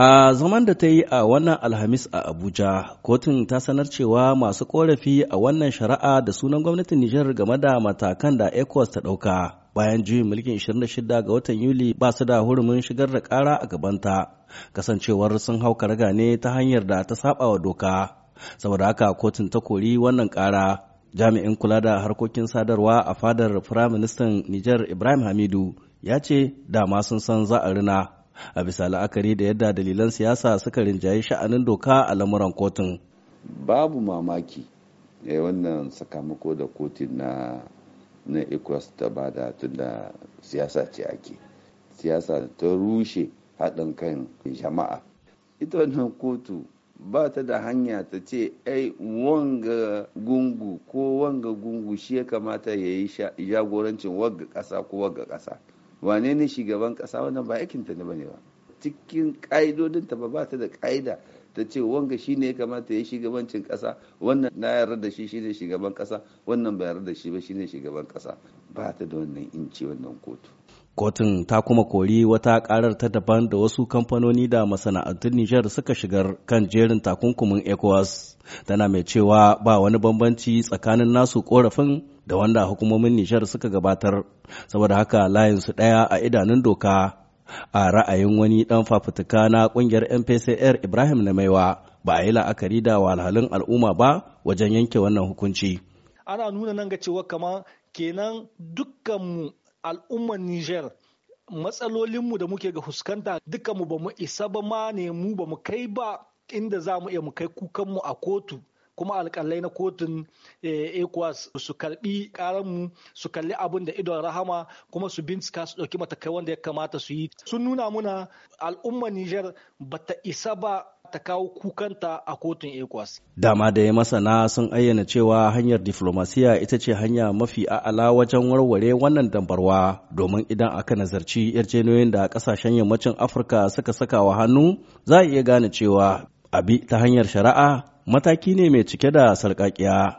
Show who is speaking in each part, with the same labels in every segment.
Speaker 1: A zaman da ta yi a wannan Alhamis a Abuja, kotun ta sanar cewa masu korafi a wannan shari'a da sunan gwamnatin Nijar game da matakan da ECOWAS ta ɗauka bayan juyin mulkin 26 ga watan Yuli ba su da hurumin shigar da kara a gabanta, kasancewar sun hau karga ne ta hanyar da ta saba wa doka. Saboda haka kotun ta kori wannan kara Jami'in kula da harkokin sadarwa a fadar Firaministan Nijar Ibrahim Hamidu ya ce dama sun san za a rina a bisa la'akari da yadda dalilan siyasa suka rinjaye sha'anin doka a lamuran kotun
Speaker 2: babu mamaki ya eh, wannan sakamako da kotun na na ecowas ta bada tunda siyasa ce ake siyasa ta rushe haɗin kan jama'a ita wannan kotu ba ta da hanya ta ce ai wanga gungu ko wanga gungu shi ya kamata ya yi jagorancin wagga ƙasa ko wagga ƙasa wane ne shugaban kasa wannan ba aikinta ne bane ba cikin ƙa'idodinta ba ba ta da ka'ida ta ce wanga shi ne ya kamata ya shugabancin kasa wannan na yarda da shi shi ne shugaban kasa wannan ba yarda da shi ba shi ne shugaban kasa ba ta da wannan inci wannan kotu
Speaker 1: Kotun ta kuma kori wata karar ta daban da wasu kamfanoni da masana'antun Nijar suka shigar kan jerin takunkumin ECOWAS. Tana mai cewa ba wani bambanci tsakanin nasu korafin da wanda hukumomin Nijar suka gabatar, saboda haka layinsu ɗaya a idanun doka. A ra'ayin wani ɗan fafutuka na ƙungiyar MPCR Ibrahim na maiwa ba a yi la'akari da wahalhalun al'umma ba wajen yanke wannan hukunci. Ana nuna nan ga cewa kamar kenan dukkanmu al'ummar Nijar matsalolinmu da muke ga fuskanta dukanmu ba mu isa ba ma ne mu ba mu kai ba inda za mu iya mu kai kukanmu a kotu kuma alkalai na kotun eh, ecowas su karbi karanmu su kalli abin da idon rahama kuma su bincika su ɗauki matakai wanda ya kamata su yi sun nuna muna al'ummar niger ta isa ba ta kawo kukanta a kotun ECOWAS. Dama da ya masana sun ayyana cewa hanyar diflomasiya ita ce hanya mafi a'ala wajen warware wannan dambarwa domin idan aka nazarci yarjejeniyoyin da kasashen yammacin Afirka suka saka wa hannu za a iya gane cewa abi ta hanyar shari'a mataki ne mai cike da sarƙaƙiya.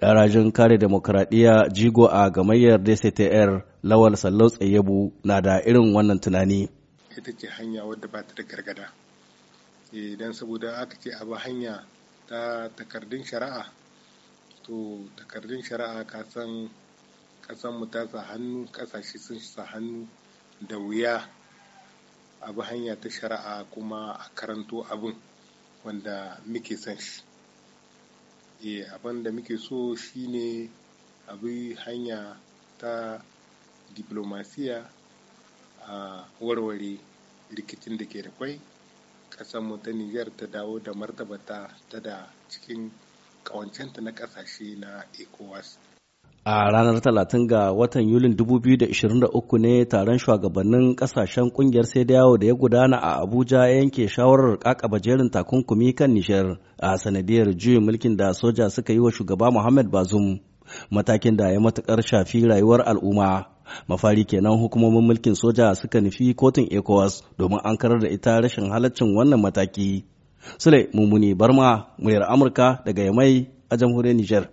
Speaker 1: Ɗarajin kare demokuraɗiyya jigo a gamayyar DCTR Lawal Sallau Tsayebu na da irin wannan tunani.
Speaker 3: Ita ce hanya wadda ba ta da gargada. idan saboda aka ce abu hanya ta takardun shari'a to takardun shari'a ka san kasan mu ta sa hannu kasashe sun sa hannu da wuya abu hanya ta shari'a kuma a karanto abin wanda muke san shi e abin da muke so shine abu hanya ta diplomasiya a warware rikicin da ke da kwai mu ta Nijar ta dawo da martabata ta da cikin kawancinta na kasashe na ECOWAS.
Speaker 1: A ranar 30 ga watan Yulin 2023 ne taron shugabannin kasashen kungiyar sai da yawo da ya gudana a Abuja ya yanke shawarar kakaba jerin takunkumi kan Nijar a sanadiyar juyin mulkin da soja suka yi wa shugaba Muhammad Bazum matakin da ya matukar shafi rayuwar al'umma. mafari kenan hukumomin mulkin soja suka nufi kotun ecowas domin an karar da ita rashin halaccin wannan mataki sule mummuni barma muryar amurka daga yamai a jamhuriyar niger